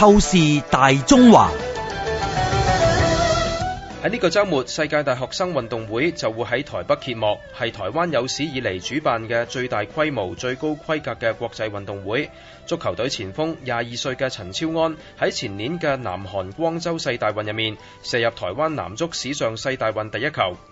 透視大中華，喺呢個周末，世界大學生運動會就會喺台北揭幕，係台灣有史以嚟主辦嘅最大規模、最高規格嘅國際運動會。足球隊前鋒廿二歲嘅陳超安喺前年嘅南韓光州世大運入面，射入台灣男足史上世大運第一球。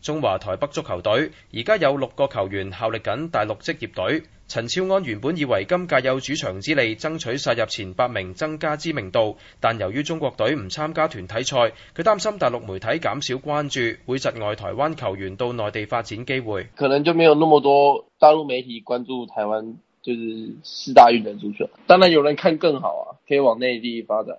中華台北足球隊而家有六個球員效力緊大陸職業隊。陳超安原本以為今屆有主場之利，爭取殺入前八名，增加知名度。但由於中國隊唔參加團體賽，佢擔心大陸媒體減少關注，會窒礙台灣球員到內地發展機會。可能就沒有那麼多大陸媒體關注台灣，就是四大運動足球。當然有人看更好啊，可以往內地發展。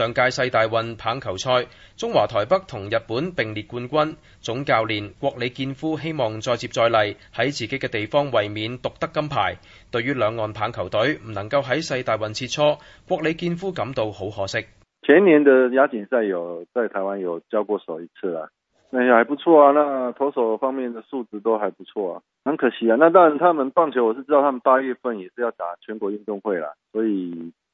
上屆世大運棒球賽，中華台北同日本並列冠軍。總教練郭李建夫希望再接再厲，喺自己嘅地方衛冕奪得金牌。對於兩岸棒球隊唔能夠喺世大運切磋，郭李建夫感到好可惜。前年的亞錦賽有在台灣有交過手一次啦，那、哎、還不錯啊，那投手方面的素質都還不錯啊，很可惜啊。那當然，他們棒球我是知道，他們八月份也是要打全國運動會啦，所以。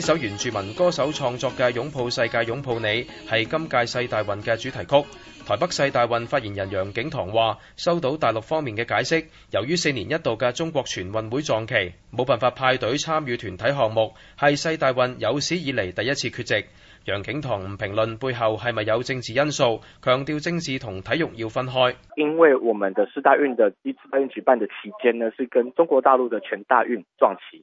呢首原住民歌手創作嘅《擁抱世界擁抱你》係今屆世大運嘅主題曲。台北世大運發言人楊景棠話：收到大陸方面嘅解釋，由於四年一度嘅中國全運會撞期，冇辦法派隊參與團體項目，係世大運有史以嚟第一次缺席。楊景棠唔評論背後係咪有政治因素，強調政治同體育要分開。因為我們的世大運的世大運舉辦的期間呢，是跟中國大陸的全大運撞期。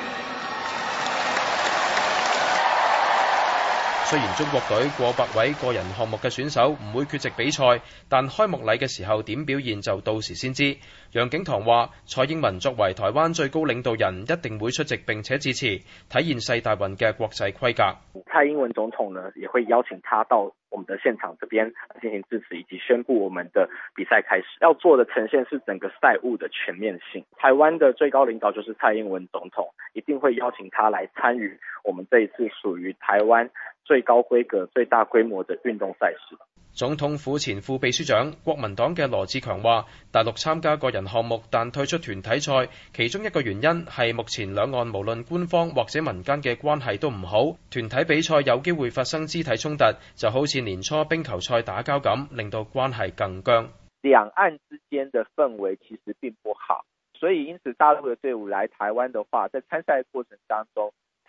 雖然中國隊過百位個人項目嘅選手唔會缺席比賽，但開幕禮嘅時候點表現就到時先知。楊景棠話：蔡英文作為台灣最高領導人，一定會出席並且致辭，體現世大運嘅國際規格。蔡英文總統呢，也會邀請他到我們的現場，這邊進行致辭，以及宣布我們的比賽開始。要做的呈現是整個賽務的全面性。台灣的最高領導就是蔡英文總統，一定會邀請他來參與我們這一次屬於台灣。最高規格、最大規模的運動賽事。總統府前副秘書長、國民黨嘅羅志強話，大陸參加個人項目，但退出團體賽，其中一個原因係目前兩岸無論官方或者民間嘅關係都唔好，團體比賽有機會發生肢體衝突，就好似年初冰球賽打交咁，令到關係更僵。兩岸之間嘅氛圍其實並不好，所以因此大陸嘅隊伍來台灣的話，在參賽過程當中。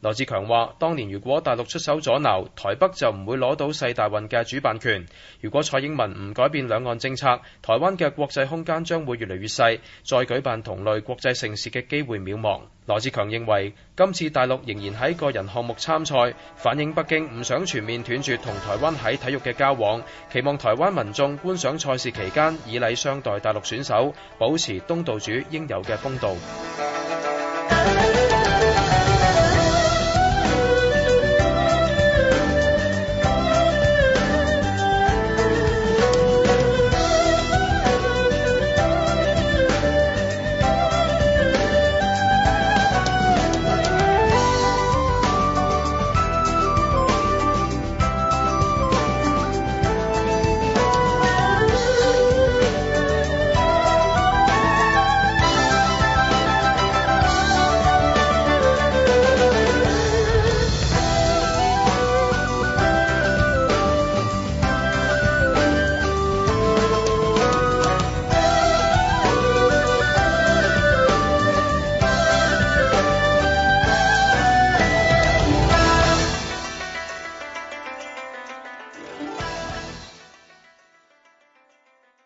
羅志強話：當年如果大陸出手阻撓，台北就唔會攞到世大運嘅主辦權。如果蔡英文唔改變兩岸政策，台灣嘅國際空間將會越嚟越細，再舉辦同類國際盛事嘅機會渺茫。羅志強認為，今次大陸仍然喺個人項目參賽，反映北京唔想全面斷絕同台灣喺體育嘅交往，期望台灣民眾觀賞賽事期間以禮相待大陸選手，保持東道主應有嘅風度。